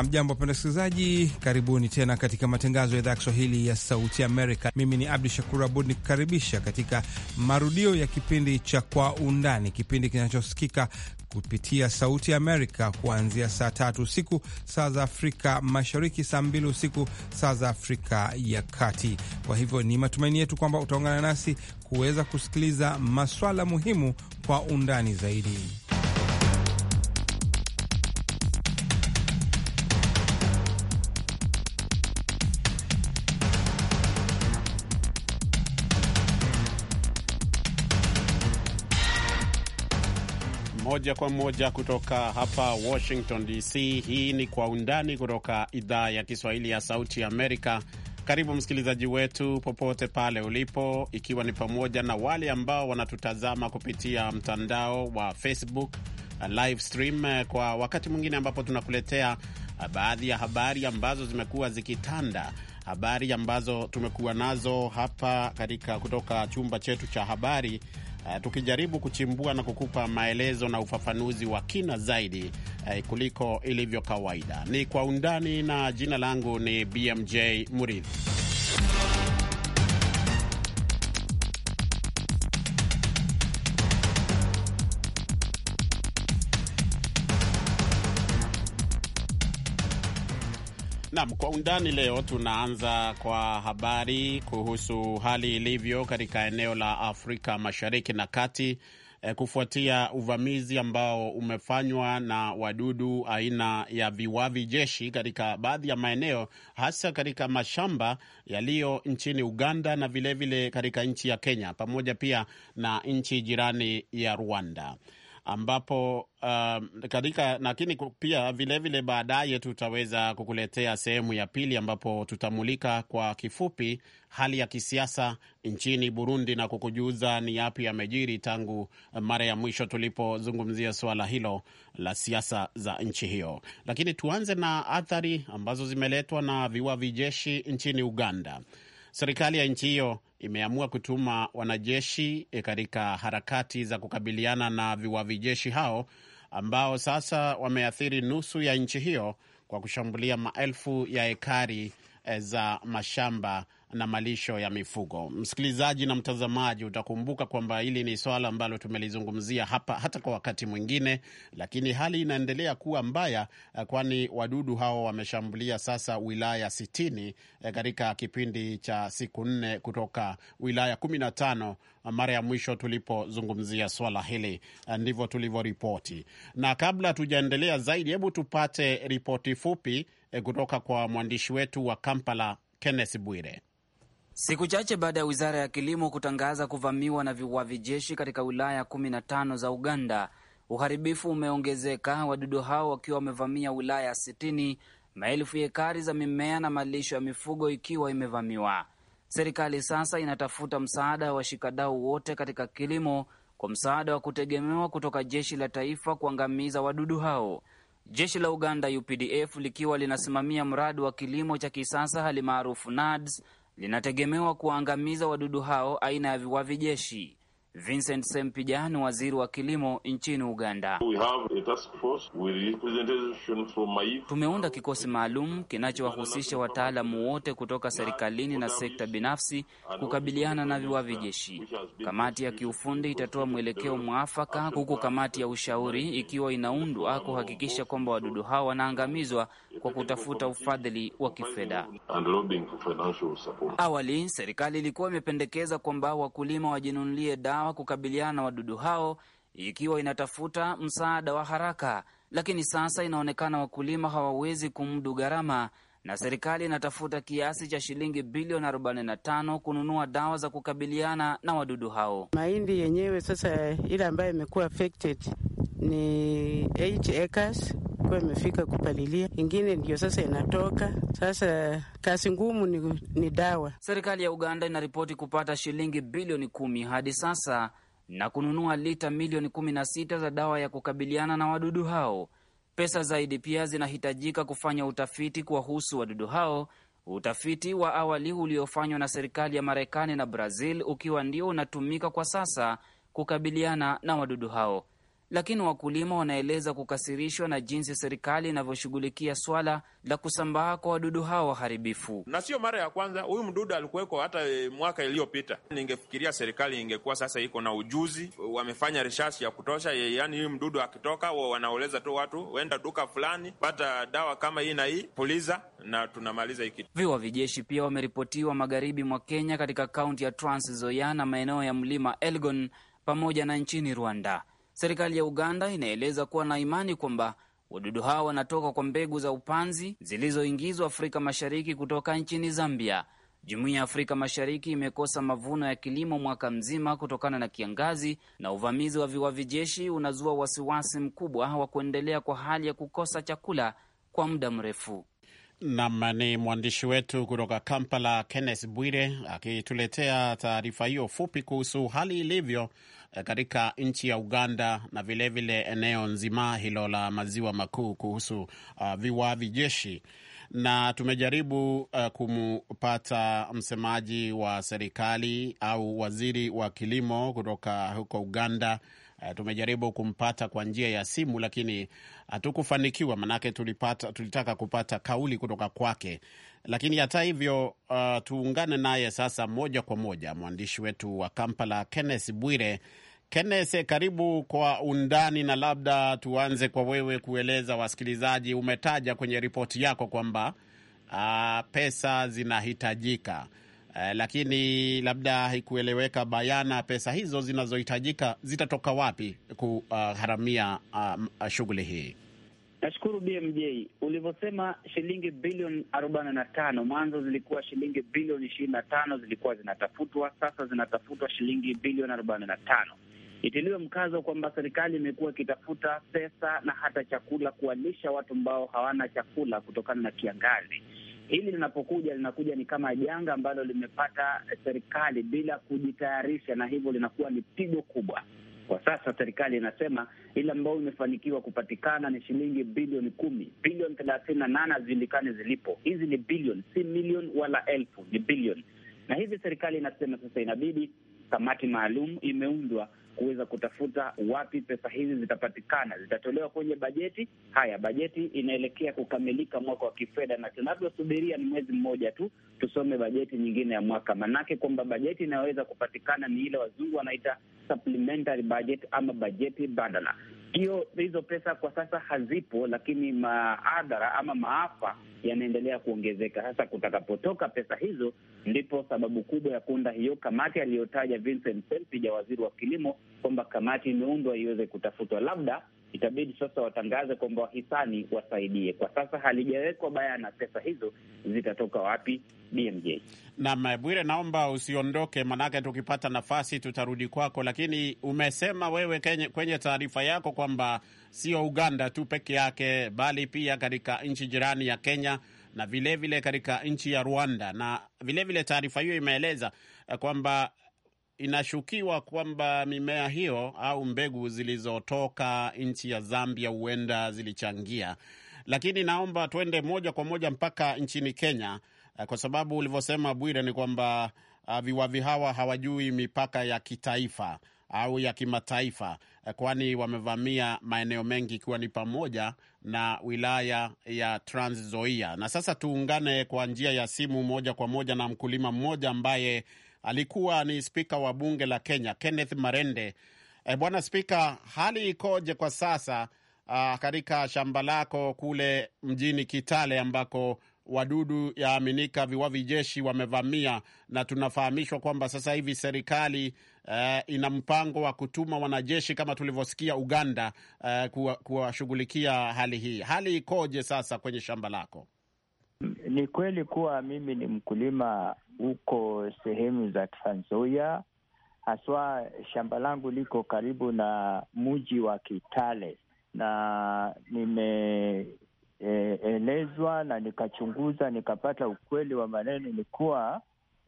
Hamjambo wapenda wasikilizaji, karibuni tena katika matangazo ya idhaa ya Kiswahili ya Sauti Amerika. Mimi ni Abdu Shakur Abud nikukaribisha katika marudio ya kipindi cha Kwa Undani, kipindi kinachosikika kupitia Sauti Amerika kuanzia saa tatu usiku saa za Afrika Mashariki, saa mbili usiku saa za Afrika ya Kati. Kwa hivyo ni matumaini yetu kwamba utaungana nasi kuweza kusikiliza maswala muhimu kwa undani zaidi. moja kwa moja kutoka hapa Washington DC. Hii ni Kwa Undani kutoka idhaa ya Kiswahili ya Sauti Amerika. Karibu msikilizaji wetu popote pale ulipo, ikiwa ni pamoja na wale ambao wanatutazama kupitia mtandao wa Facebook uh, live stream, uh, kwa wakati mwingine ambapo tunakuletea uh, baadhi ya habari ambazo zimekuwa zikitanda, habari ambazo tumekuwa nazo hapa katika kutoka chumba chetu cha habari uh, tukijaribu kuchimbua na kukupa maelezo na ufafanuzi wa kina zaidi uh, kuliko ilivyo kawaida. Ni kwa undani na jina langu ni BMJ Muridhi. nam kwa undani leo tunaanza kwa habari kuhusu hali ilivyo katika eneo la Afrika Mashariki na Kati eh, kufuatia uvamizi ambao umefanywa na wadudu aina ya viwavi jeshi katika baadhi ya maeneo hasa katika mashamba yaliyo nchini Uganda na vilevile katika nchi ya Kenya pamoja pia na nchi jirani ya Rwanda ambapo uh, katika lakini pia vilevile baadaye tutaweza kukuletea sehemu ya pili ambapo tutamulika kwa kifupi hali ya kisiasa nchini Burundi na kukujuza ni yapi yamejiri tangu mara ya mwisho tulipozungumzia suala hilo la siasa za nchi hiyo. Lakini tuanze na athari ambazo zimeletwa na viwavi jeshi nchini Uganda. Serikali ya nchi hiyo imeamua kutuma wanajeshi e, katika harakati za kukabiliana na viwavijeshi hao ambao sasa wameathiri nusu ya nchi hiyo kwa kushambulia maelfu ya hekari e, za mashamba na malisho ya mifugo. Msikilizaji na mtazamaji, utakumbuka kwamba hili ni swala ambalo tumelizungumzia hapa hata kwa wakati mwingine, lakini hali inaendelea kuwa mbaya, eh, kwani wadudu hao wameshambulia sasa wilaya sitini eh, katika kipindi cha siku nne kutoka wilaya kumi na tano eh, mara ya mwisho tulipozungumzia swala hili, ndivyo tulivyoripoti. Na kabla tujaendelea zaidi, hebu tupate ripoti fupi kutoka kwa mwandishi wetu wa Kampala, Kenneth Bwire. Siku chache baada ya wizara ya kilimo kutangaza kuvamiwa na viwavi jeshi katika wilaya 15 za Uganda, uharibifu umeongezeka, wadudu hao wakiwa wamevamia wilaya 60, maelfu ya ekari za mimea na malisho ya mifugo ikiwa imevamiwa. Serikali sasa inatafuta msaada wa washikadau wote katika kilimo kwa msaada wa kutegemewa kutoka jeshi la taifa kuangamiza wadudu hao. Jeshi la Uganda UPDF likiwa linasimamia mradi wa kilimo cha kisasa hali maarufu NADS linategemewa kuwaangamiza wadudu hao aina ya jeshi. Vincent ni waziri wa kilimo nchini Uganda: tumeunda kikosi maalum kinachowahusisha wataalamu wote kutoka serikalini na sekta binafsi kukabiliana na viwavi jeshi. Kamati ya kiufundi itatoa mwelekeo mwafaka, huku kamati ya ushauri ikiwa inaundwa kuhakikisha kwamba wadudu hao wanaangamizwa kwa kutafuta ufadhili wa kifedha. Awali serikali ilikuwa imependekeza kwamba wakulima wajinunulie dawa sawa kukabiliana na wadudu hao ikiwa inatafuta msaada wa haraka, lakini sasa inaonekana wakulima hawawezi kumudu gharama na serikali inatafuta kiasi cha shilingi bilioni 45 kununua dawa za kukabiliana na wadudu hao. Mahindi yenyewe sasa eh, ile ambayo imekuwa affected ni 8 acres kuwa imefika kupalilia, ingine ndio sasa inatoka. Sasa kazi ngumu ni, ni dawa. Serikali ya Uganda inaripoti kupata shilingi bilioni kumi hadi sasa na kununua lita milioni kumi na sita za dawa ya kukabiliana na wadudu hao. Pesa zaidi pia zinahitajika kufanya utafiti kuwahusu wadudu hao, utafiti wa awali uliofanywa na serikali ya Marekani na Brazil ukiwa ndio unatumika kwa sasa kukabiliana na wadudu hao lakini wakulima wanaeleza kukasirishwa na jinsi serikali inavyoshughulikia swala la kusambaa kwa wadudu hao waharibifu. Na sio mara ya kwanza, huyu mdudu alikuweko hata e, mwaka iliyopita. Ningefikiria serikali ingekuwa sasa iko na ujuzi, wamefanya rishashi ya kutosha, yaani huyu mdudu akitoka wanaoleza tu watu, wenda duka fulani, pata dawa kama hii na hii, puliza na tunamaliza hiki. Viwa vijeshi pia wameripotiwa magharibi mwa Kenya katika kaunti ya Trans Nzoia na maeneo ya mlima Elgon pamoja na nchini Rwanda. Serikali ya Uganda inaeleza kuwa na imani kwamba wadudu hao wanatoka kwa mbegu za upanzi zilizoingizwa Afrika Mashariki kutoka nchini Zambia. Jumuiya ya Afrika Mashariki imekosa mavuno ya kilimo mwaka mzima kutokana na kiangazi, na uvamizi wa viwavi jeshi unazua wasiwasi mkubwa wa kuendelea kwa hali ya kukosa chakula kwa muda mrefu. Nam ni mwandishi wetu kutoka Kampala, Kenneth Bwire akituletea taarifa hiyo fupi kuhusu hali ilivyo eh, katika nchi ya Uganda na vilevile vile eneo nzima hilo la maziwa makuu kuhusu uh, ah, viwavi jeshi. Na tumejaribu uh, eh, kumpata msemaji wa serikali au waziri wa kilimo kutoka huko Uganda Uh, tumejaribu kumpata kwa njia ya simu lakini hatukufanikiwa, manake tulipata, tulitaka kupata kauli kutoka kwake. Lakini hata hivyo, uh, tuungane naye sasa moja kwa moja, mwandishi wetu wa Kampala Kenneth Bwire. Kenneth, karibu kwa undani, na labda tuanze kwa wewe kueleza wasikilizaji, umetaja kwenye ripoti yako kwamba uh, pesa zinahitajika eh, lakini labda haikueleweka bayana pesa hizo zinazohitajika zitatoka wapi kuharamia uh, um, uh, shughuli hii. Nashukuru BMJ, ulivyosema shilingi bilioni arobaini na tano mwanzo zilikuwa shilingi bilioni ishirini na tano zilikuwa zinatafutwa, sasa zinatafutwa shilingi bilioni arobaini na tano Itiliwe mkazo kwamba serikali imekuwa ikitafuta pesa na hata chakula kuwalisha watu ambao hawana chakula kutokana na kiangazi hili linapokuja linakuja ni kama janga ambalo limepata serikali bila kujitayarisha, na hivyo linakuwa ni pigo kubwa. Kwa sasa serikali inasema ile ambayo imefanikiwa kupatikana ni shilingi bilioni kumi, bilioni thelathini na nane hazijulikani zilipo. Hizi ni bilioni, si milioni wala elfu, ni bilioni. Na hivi serikali inasema sasa inabidi kamati maalum imeundwa kuweza kutafuta wapi pesa hizi zitapatikana, zitatolewa kwenye bajeti. Haya, bajeti inaelekea kukamilika mwaka wa kifedha, na tunavyosubiria ni mwezi mmoja tu tusome bajeti nyingine ya mwaka, manake kwamba bajeti inayoweza kupatikana ni ile wazungu wanaita supplementary budget ama bajeti badala. Hiyo hizo pesa kwa sasa hazipo, lakini maadhara ama maafa yanaendelea kuongezeka. Sasa kutakapotoka pesa hizo, ndipo sababu kubwa ya kuunda hiyo kamati aliyotaja Vincent Sempija, waziri wa kilimo, kwamba kamati imeundwa iweze kutafutwa. Labda itabidi sasa watangaze kwamba wahisani wasaidie. Kwa sasa halijawekwa bayana pesa hizo zitatoka wapi BMJ. Naam, Bwire, naomba usiondoke, manake tukipata nafasi tutarudi kwako, lakini umesema wewe kenye, kwenye taarifa yako kwamba sio Uganda tu peke yake bali pia katika nchi jirani ya Kenya na vilevile katika nchi ya Rwanda, na vilevile taarifa hiyo imeeleza eh, kwamba inashukiwa kwamba mimea hiyo au mbegu zilizotoka nchi ya Zambia huenda zilichangia. Lakini naomba tuende moja kwa moja mpaka nchini Kenya Eh, kwa sababu ulivyosema Bwire ni kwamba eh, viwavi hawa hawajui mipaka ya kitaifa au ya kimataifa, eh, kwani wamevamia maeneo mengi ikiwa ni pamoja na wilaya ya Trans Nzoia. Na sasa tuungane kwa njia ya simu moja kwa moja na mkulima mmoja ambaye alikuwa ni spika wa bunge la Kenya, Kenneth Marende. E, bwana Spika, hali ikoje kwa sasa ah, katika shamba lako kule mjini Kitale ambako wadudu yaaminika viwavi jeshi wamevamia, na tunafahamishwa kwamba sasa hivi serikali Uh, ina mpango wa kutuma wanajeshi kama tulivyosikia Uganda, uh, kuwashughulikia hali hii. Hali ikoje sasa kwenye shamba lako? Ni kweli kuwa mimi ni mkulima huko sehemu za Trans Nzoia, haswa shamba langu liko karibu na mji wa Kitale na nime e, elezwa na nikachunguza nikapata ukweli wa maneno ni kuwa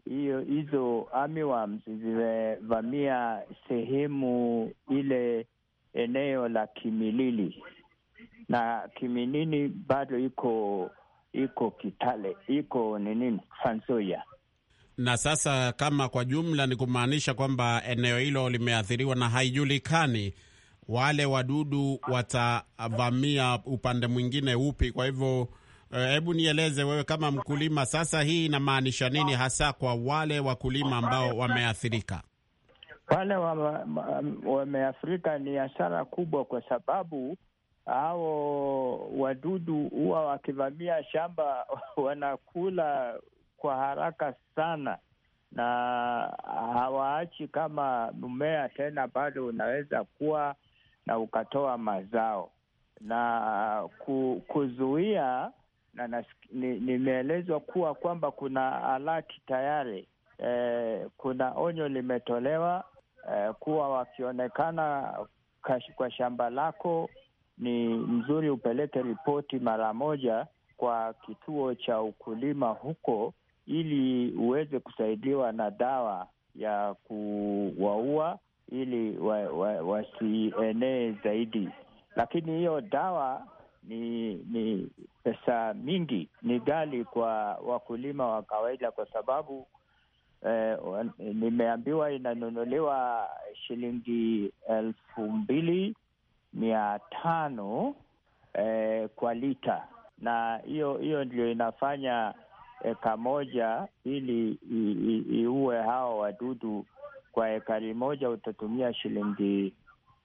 hiyo hizo armyworms zimevamia sehemu ile eneo la Kimilili na Kimilili bado iko iko Kitale iko ninini Fansoya. Na sasa kama kwa jumla ni kumaanisha kwamba eneo hilo limeathiriwa na haijulikani wale wadudu watavamia upande mwingine upi? Kwa hivyo eh, hebu nieleze wewe kama mkulima, sasa hii inamaanisha nini hasa kwa wale wakulima ambao wameathirika? Wale wameathirika wa, wa ni hasara kubwa, kwa sababu hao wadudu huwa wakivamia shamba wanakula kwa haraka sana na hawaachi kama mmea tena bado unaweza kuwa na ukatoa mazao na kuzuia na nimeelezwa ni kuwa kwamba kuna alati tayari eh, kuna onyo limetolewa eh, kuwa wakionekana kwa shamba lako ni mzuri upeleke ripoti mara moja kwa kituo cha ukulima huko, ili uweze kusaidiwa na dawa ya kuwaua ili wasienee wa, wasienee zaidi. Lakini hiyo dawa ni ni pesa mingi, ni ghali kwa wakulima wa kawaida, kwa sababu eh, nimeambiwa inanunuliwa shilingi elfu mbili mia tano eh, kwa lita, na hiyo hiyo ndio inafanya eka moja ili iue hawa wadudu kwa ekari moja utatumia shilingi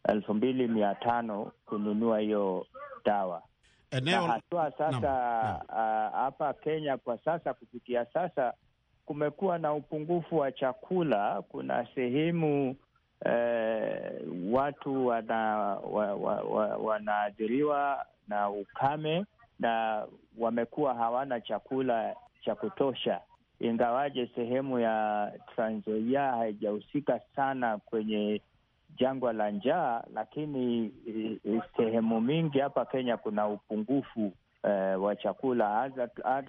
elfu mbili mia tano kununua hiyo dawa. Eneo... na hatua sasa hapa Kenya kwa sasa, kufikia sasa kumekuwa na upungufu wa chakula. Kuna sehemu eh, watu wanaadhiriwa wa, wa, wa, na ukame na wamekuwa hawana chakula cha kutosha ingawaje sehemu ya Trans Nzoia haijahusika sana kwenye jangwa la njaa, lakini eh, eh, sehemu mingi hapa Kenya kuna upungufu eh, wa chakula.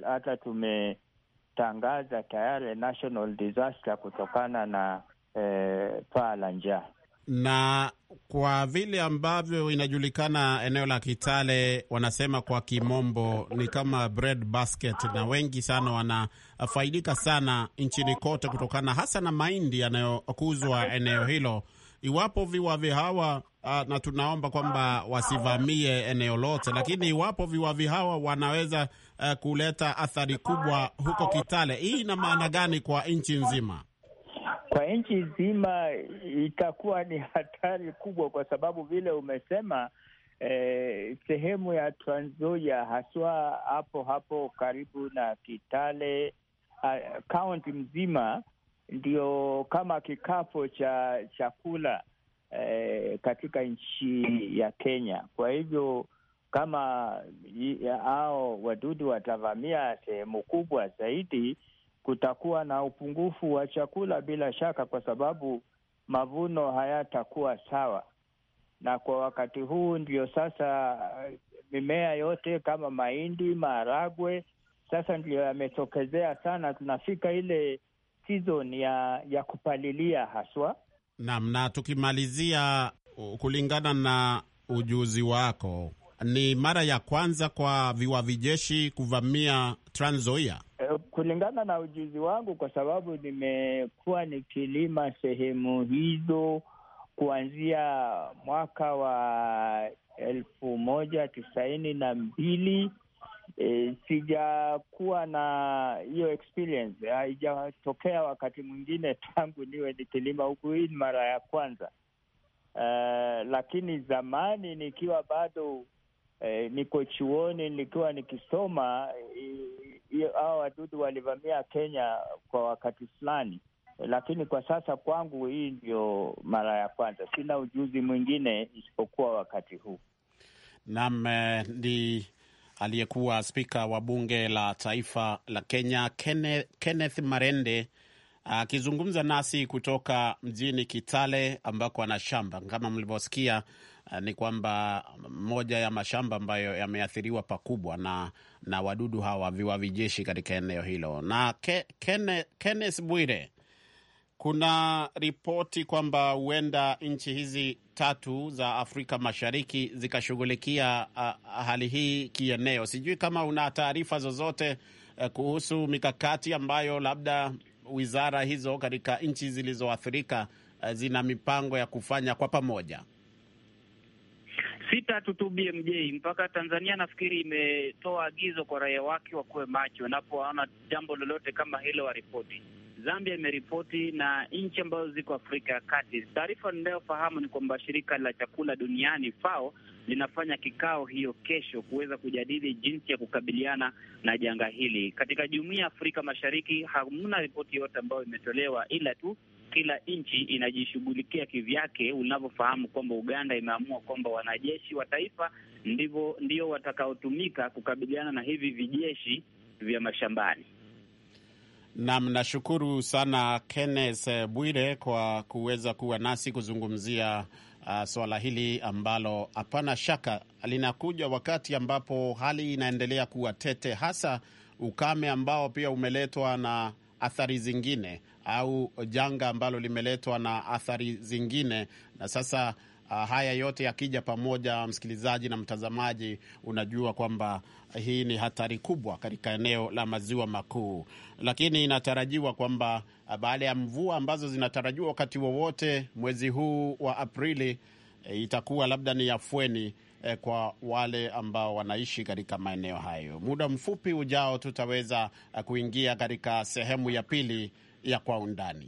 Hata tumetangaza tayari national disaster kutokana na eh, paa la njaa na kwa vile ambavyo inajulikana eneo la Kitale, wanasema kwa kimombo ni kama bread basket, na wengi sana wanafaidika sana nchini kote kutokana hasa na mahindi yanayokuzwa eneo hilo. Iwapo viwavi hawa ah, na tunaomba kwamba wasivamie eneo lote, lakini iwapo viwavi hawa wanaweza eh, kuleta athari kubwa huko Kitale, hii ina maana gani kwa nchi nzima? Kwa nchi nzima itakuwa ni hatari kubwa, kwa sababu vile umesema eh, sehemu ya Trans Nzoia haswa hapo hapo karibu na Kitale kaunti eh, uh, mzima ndio kama kikapo cha chakula eh, katika nchi ya Kenya. Kwa hivyo kama hao wadudu watavamia sehemu kubwa zaidi kutakuwa na upungufu wa chakula bila shaka, kwa sababu mavuno hayatakuwa sawa. Na kwa wakati huu ndio sasa eh, mimea yote kama mahindi, maharagwe sasa ndio yametokezea sana. Tunafika ile season ya, ya kupalilia haswa. Naam, na tukimalizia, kulingana na ujuzi wako ni mara ya kwanza kwa jeshi kuvamia Trans Nzoia? Eh, kulingana na ujuzi wangu, kwa sababu nimekuwa nikilima sehemu hizo kuanzia mwaka wa elfu moja tisaini na mbili. E, sijakuwa na hiyo experience, haijatokea wakati mwingine tangu niwe nikilima huku. Hii ni mara ya kwanza. Uh, lakini zamani nikiwa bado E, niko chuoni nikiwa nikisoma hawa wadudu walivamia Kenya kwa wakati fulani, lakini kwa sasa kwangu hii ndio mara ya kwanza. Sina ujuzi mwingine isipokuwa wakati huu. Naam, eh, ni aliyekuwa spika wa bunge la taifa la Kenya Kenneth Marende akizungumza nasi kutoka mjini Kitale ambako ana shamba kama mlivyosikia Eh, ni kwamba moja ya mashamba ambayo yameathiriwa pakubwa na, na wadudu hawa jeshi katika eneo hilo. Na ke, kene, Bwire, kuna ripoti kwamba huenda nchi hizi tatu za Afrika Mashariki zikashughulikia eh, hali hii kieneo. Sijui kama una taarifa zozote eh, kuhusu mikakati ambayo labda wizara hizo katika nchi zilizoathirika zina mipango ya kufanya kwa pamoja sita tu BMJ mpaka Tanzania nafikiri imetoa agizo kwa raia wake wakuwe macho wanapoona jambo lolote kama hilo waripoti. Zambia imeripoti na nchi ambazo ziko Afrika ya Kati. Taarifa ninayofahamu ni kwamba shirika la chakula duniani FAO linafanya kikao hiyo kesho kuweza kujadili jinsi ya kukabiliana na janga hili. Katika jumuiya ya Afrika Mashariki hamna ripoti yote ambayo imetolewa ila tu kila nchi inajishughulikia kivyake. Unavyofahamu kwamba Uganda imeamua kwamba wanajeshi wa taifa ndivyo ndio watakaotumika kukabiliana na hivi vijeshi vya mashambani. Nam, nashukuru sana Kenneth Bwire kwa kuweza kuwa nasi kuzungumzia uh, swala hili ambalo hapana shaka linakuja wakati ambapo hali inaendelea kuwa tete, hasa ukame ambao pia umeletwa na athari zingine au janga ambalo limeletwa na athari zingine. Na sasa uh, haya yote yakija pamoja, msikilizaji na mtazamaji, unajua kwamba hii ni hatari kubwa katika eneo la maziwa makuu, lakini inatarajiwa kwamba ah, baada ya mvua ambazo zinatarajiwa wakati wowote mwezi huu wa Aprili, eh, itakuwa labda ni afueni eh, kwa wale ambao wanaishi katika maeneo hayo. Muda mfupi ujao tutaweza eh, kuingia katika sehemu ya pili ya kwa undani.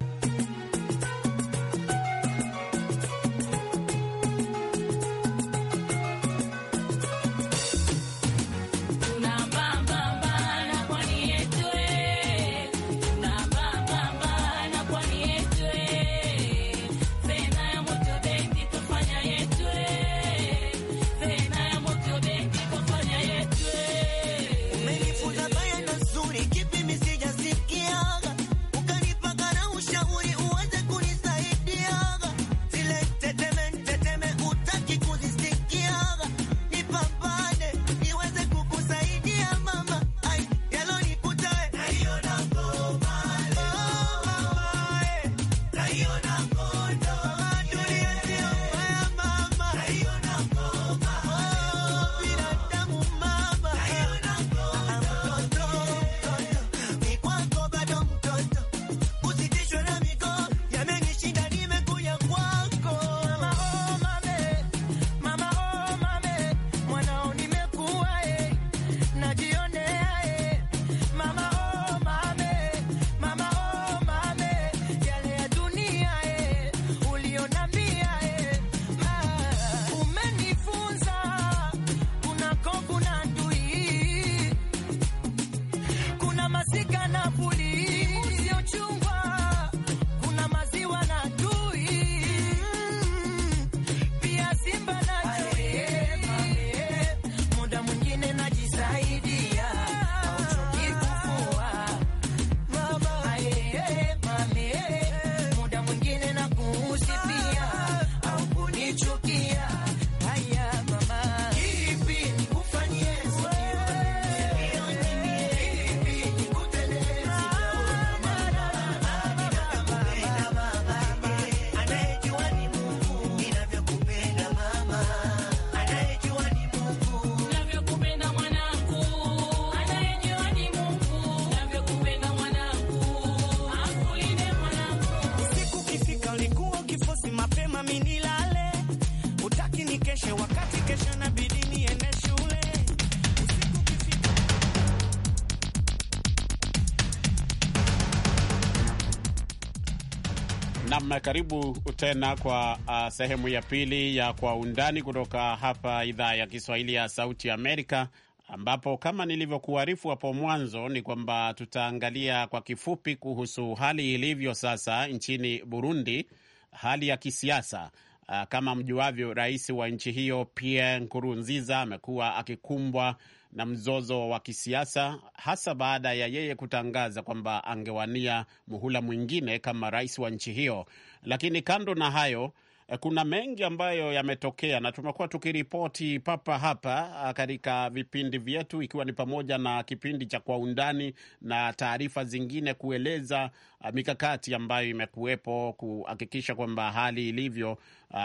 Naam, karibu tena kwa uh, sehemu ya pili ya Kwa Undani kutoka hapa idhaa ya Kiswahili ya Sauti Amerika, ambapo kama nilivyokuarifu hapo mwanzo ni kwamba tutaangalia kwa kifupi kuhusu hali ilivyo sasa nchini Burundi, hali ya kisiasa. Uh, kama mjuavyo, rais wa nchi hiyo Pierre Nkurunziza amekuwa akikumbwa na mzozo wa kisiasa, hasa baada ya yeye kutangaza kwamba angewania muhula mwingine kama rais wa nchi hiyo. Lakini kando na hayo Eh, kuna mengi ambayo yametokea na tumekuwa tukiripoti papa hapa eh, katika vipindi vyetu, ikiwa ni pamoja na kipindi cha Kwa Undani na taarifa zingine, kueleza eh, mikakati ambayo imekuwepo kuhakikisha kwamba hali ilivyo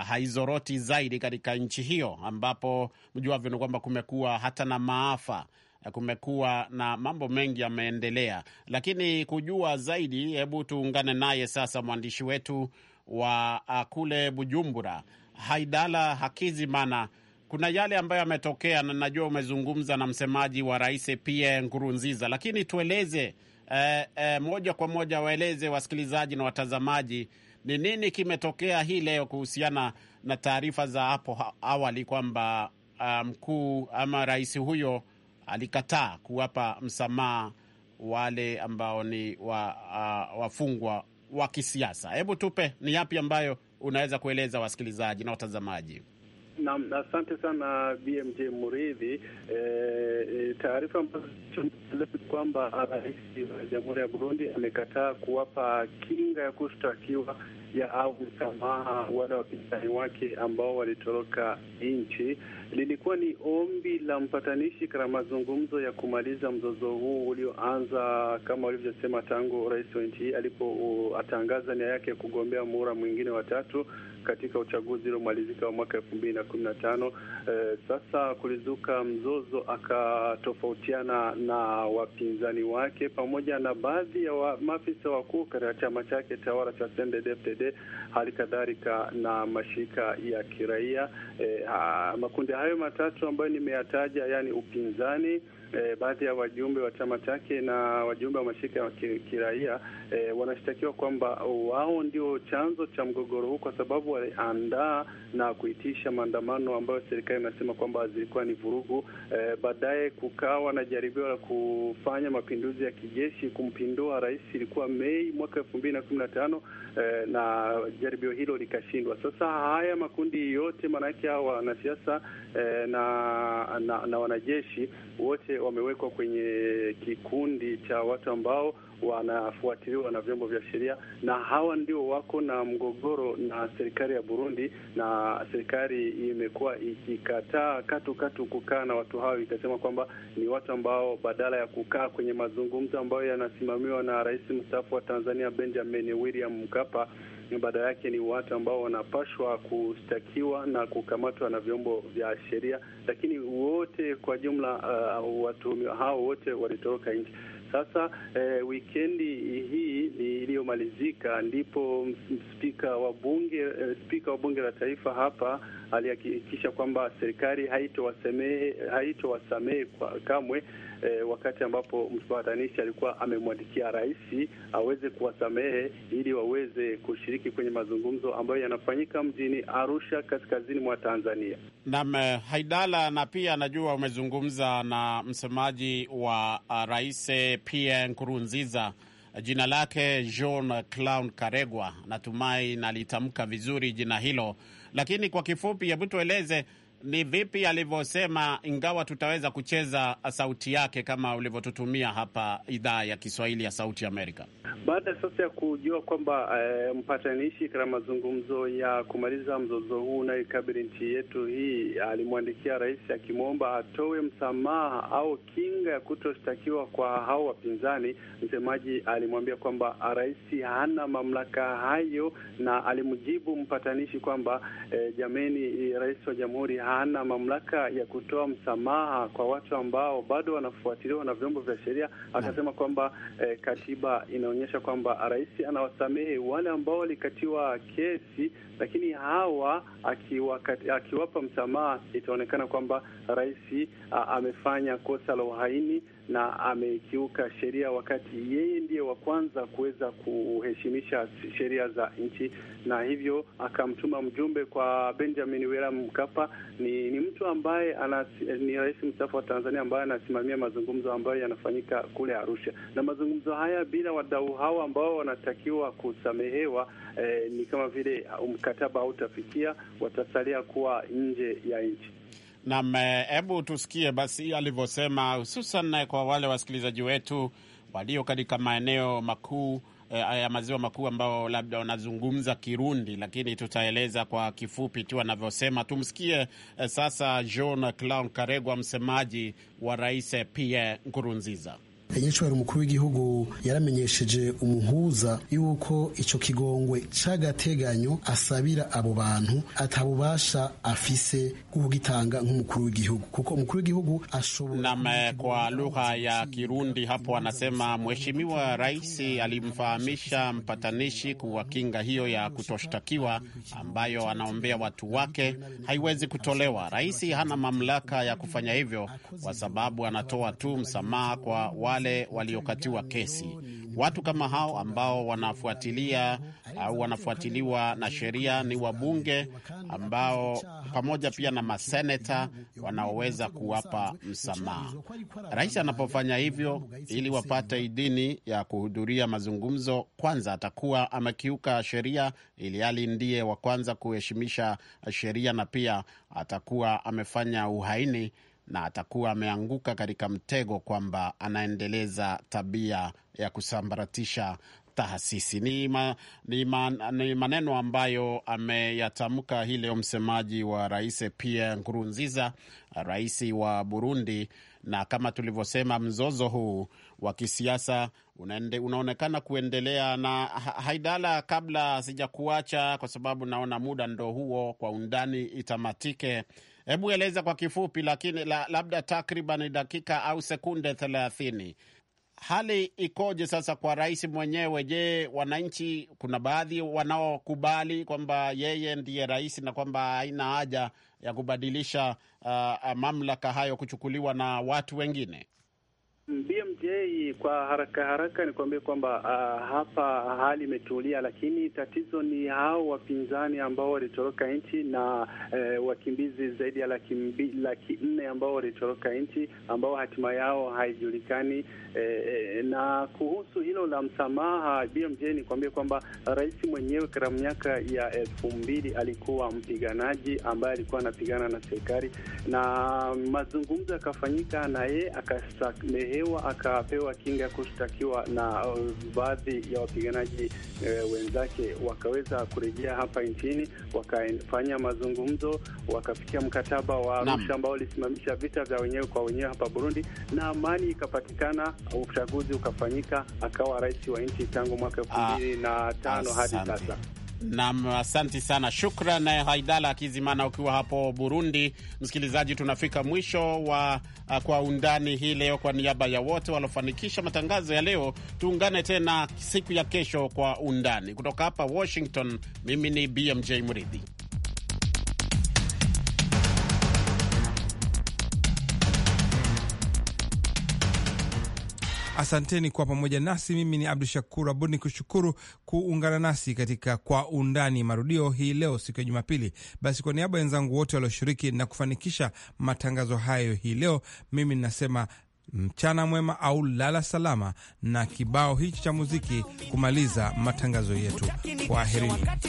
haizoroti zaidi katika nchi hiyo, ambapo mjuavyo ni kwamba kumekuwa hata na maafa kumekuwa na mambo mengi yameendelea, lakini kujua zaidi, hebu tuungane naye sasa mwandishi wetu wa ah, kule Bujumbura, Haidala Hakizimana, kuna yale ambayo yametokea, na najua umezungumza na msemaji wa rais Pierre Nkurunziza, lakini tueleze eh, eh, moja kwa moja, waeleze wasikilizaji na watazamaji ni nini kimetokea hii leo kuhusiana na taarifa za hapo awali kwamba ah, mkuu um, ama rais huyo alikataa kuwapa msamaha wale ambao ni ah, wafungwa wa kisiasa. Hebu tupe ni yapi ambayo unaweza kueleza wasikilizaji na watazamaji? Naam, asante sana BMJ Muridhi. E, taarifa ambazo kwamba rais wa Jamhuri ya Burundi amekataa kuwapa kinga ya kushtakiwa ya au msamaha wale wapinzani wake ambao walitoroka nchi. Lilikuwa ni ombi la mpatanishi katika mazungumzo ya kumaliza mzozo huu ulioanza kama ulivyosema, tangu rais wa nchi hii atangaza nia yake ya kugombea muhula mwingine watatu katika uchaguzi uliomalizika wa mwaka elfu mbili na kumi na tano. Eh, sasa kulizuka mzozo, akatofautiana na wapinzani wake pamoja na baadhi ya wa, maafisa wakuu katika chama chake tawala cha CNDD-FDD, hali kadhalika na mashirika ya kiraia. E, makundi hayo matatu ambayo nimeyataja, yani upinzani e, baadhi ya wajumbe wa chama chake na wajumbe wa mashirika ya kiraia e, wanashtakiwa kwamba wao ndio chanzo cha mgogoro huu, kwa sababu waliandaa na kuitisha maandamano ambayo serikali inasema kwamba zilikuwa ni vurugu. E, baadaye kukawa na jaribio la kufanya mapinduzi ya kijeshi kumpindua rais, ilikuwa Mei mwaka elfu mbili na kumi na tano e, na jaribio hilo likashindwa. Sasa haya makundi yote, maanake hawa wanasiasa e, na, na, na wanajeshi wote wamewekwa kwenye kikundi cha watu ambao wanafuatiliwa na vyombo vya sheria, na hawa ndio wako na mgogoro na serikali ya Burundi, na serikali imekuwa ikikataa katu katu kukaa na watu hao, ikasema kwamba ni watu ambao badala ya kukaa kwenye mazungumzo ambayo yanasimamiwa na rais mstaafu wa Tanzania Benjamin William Mkapa baada yake ni watu ambao wanapashwa kushtakiwa na kukamatwa na vyombo vya sheria, lakini wote kwa jumla uh, watuhumiwa hao wote walitoroka nchi. Sasa eh, uh, wikendi hii iliyomalizika ndipo spika wa bunge eh, spika wa bunge la taifa hapa alihakikisha kwamba serikali haitowasamehe haitowasamehe kamwe e, wakati ambapo mpatanishi alikuwa amemwandikia rais aweze kuwasamehe ili waweze kushiriki kwenye mazungumzo ambayo yanafanyika mjini Arusha kaskazini mwa Tanzania. Naam, eh, Haidala, na pia najua umezungumza na msemaji wa eh, rais Pierre Nkurunziza jina lake Jean Claude Karegwa, natumai nalitamka vizuri jina hilo, lakini kwa kifupi, hebu tueleze ni vipi alivyosema, ingawa tutaweza kucheza sauti yake kama ulivyotutumia hapa idhaa ya Kiswahili ya Sauti Amerika, baada sasa ya kujua kwamba e, mpatanishi katika mazungumzo ya kumaliza mzozo huu unayoikabili nchi yetu hii alimwandikia rais akimwomba atoe msamaha au kinga ya kutoshtakiwa kwa hao wapinzani. Msemaji alimwambia kwamba rais hana mamlaka hayo, na alimjibu mpatanishi kwamba e, jameni, eh, rais wa jamhuri ha hana mamlaka ya kutoa msamaha kwa watu ambao bado wanafuatiliwa na vyombo vya sheria. Akasema kwamba eh, katiba inaonyesha kwamba rais anawasamehe wale ambao walikatiwa kesi, lakini hawa akiwa, akiwapa msamaha itaonekana kwamba rais amefanya kosa la uhaini na amekiuka sheria, wakati yeye ndiye wa kwanza kuweza kuheshimisha sheria za nchi, na hivyo akamtuma mjumbe kwa Benjamin William Mkapa. Ni, ni mtu ambaye ni rais mstaafu wa Tanzania ambaye anasimamia mazungumzo ambayo yanafanyika kule Arusha, na mazungumzo haya bila wadau hao ambao wanatakiwa kusamehewa eh, ni kama vile mkataba hautafikia, watasalia kuwa nje ya nchi. Nam, eh, hebu tusikie basi alivyosema, hususan eh, kwa wale wasikilizaji wetu walio katika maeneo makuu eh, ya maziwa makuu ambao labda wanazungumza Kirundi, lakini tutaeleza kwa kifupi tu anavyosema. Tumsikie sasa Jean Claude Karegwa, msemaji wa Rais Pierre Nkurunziza nyirishoboye umukuru w'igihugu yaramenyesheje umuhuza y'uko icho kigongwe cy'agateganyo asabira abo bantu atabubasha afise kugitanga nk'umukuru w'igihugu kuko umukuru w'igihugu ashobora me, eh, Kwa lugha ya Kirundi hapo anasema mheshimiwa rais alimfahamisha mpatanishi kuwa kinga hiyo ya kutoshtakiwa ambayo anaombea watu wake haiwezi kutolewa. Rais hana mamlaka ya kufanya hivyo kwa sababu anatoa tu msamaha kwa wale waliokatiwa kesi. Watu kama hao ambao wanafuatilia au wanafuatiliwa na sheria ni wabunge ambao pamoja pia na maseneta wanaoweza kuwapa msamaha. Rais anapofanya hivyo, ili wapate idhini ya kuhudhuria mazungumzo, kwanza atakuwa amekiuka sheria, ili hali ndiye wa kwanza kuheshimisha sheria, na pia atakuwa amefanya uhaini na atakuwa ameanguka katika mtego kwamba anaendeleza tabia ya kusambaratisha taasisi. Ni, ma, ni, ma, ni maneno ambayo ameyatamka hii leo msemaji wa rais Pierre Nkurunziza, rais wa Burundi. Na kama tulivyosema, mzozo huu wa kisiasa unaende, unaonekana kuendelea. Na Haidala, kabla sijakuacha, kwa sababu naona muda ndo huo, kwa undani itamatike Hebu eleza kwa kifupi, lakini la, labda takriban dakika au sekunde thelathini. Hali ikoje sasa kwa rais mwenyewe? Je, wananchi, kuna baadhi wanaokubali kwamba yeye ndiye rais na kwamba haina haja ya kubadilisha uh, mamlaka hayo kuchukuliwa na watu wengine? BMJ, kwa haraka haraka nikwambie kwamba uh, hapa hali imetulia, lakini tatizo ni hao wapinzani ambao walitoroka nchi na uh, wakimbizi zaidi ya laki laki nne ambao walitoroka nchi ambao hatima yao haijulikani. Uh, na kuhusu hilo la msamaha BMJ, nikwambie kwamba rais mwenyewe katika miaka ya elfu mbili alikuwa mpiganaji ambaye alikuwa anapigana na serikali na mazungumzo yakafanyika na yeye akasamehe hewa akapewa kinga ya kushtakiwa na uh, baadhi ya wapiganaji uh, wenzake wakaweza kurejea hapa nchini, wakafanya mazungumzo, wakafikia mkataba wa Arusha ambao ulisimamisha vita vya wenyewe kwa wenyewe hapa Burundi, na amani ikapatikana, uchaguzi ukafanyika, akawa rais wa nchi tangu mwaka elfu ah, mbili na tano hadi sasa. Nam, asanti sana, shukran eh, Haidala Akizimana ukiwa hapo Burundi. Msikilizaji, tunafika mwisho wa eh, Kwa Undani hii leo. Kwa niaba ya wote waliofanikisha matangazo ya leo, tuungane tena siku ya kesho kwa undani. Kutoka hapa Washington, mimi ni BMJ Mridhi. Asanteni kwa pamoja nasi. Mimi ni Abdu Shakur Abud ni kushukuru kuungana nasi katika Kwa Undani marudio hii leo siku ya Jumapili. Basi kwa niaba ya wenzangu wote walioshiriki na kufanikisha matangazo hayo hii leo, mimi ninasema mchana mwema au lala salama, na kibao hichi cha muziki kumaliza matangazo yetu. kwa aherini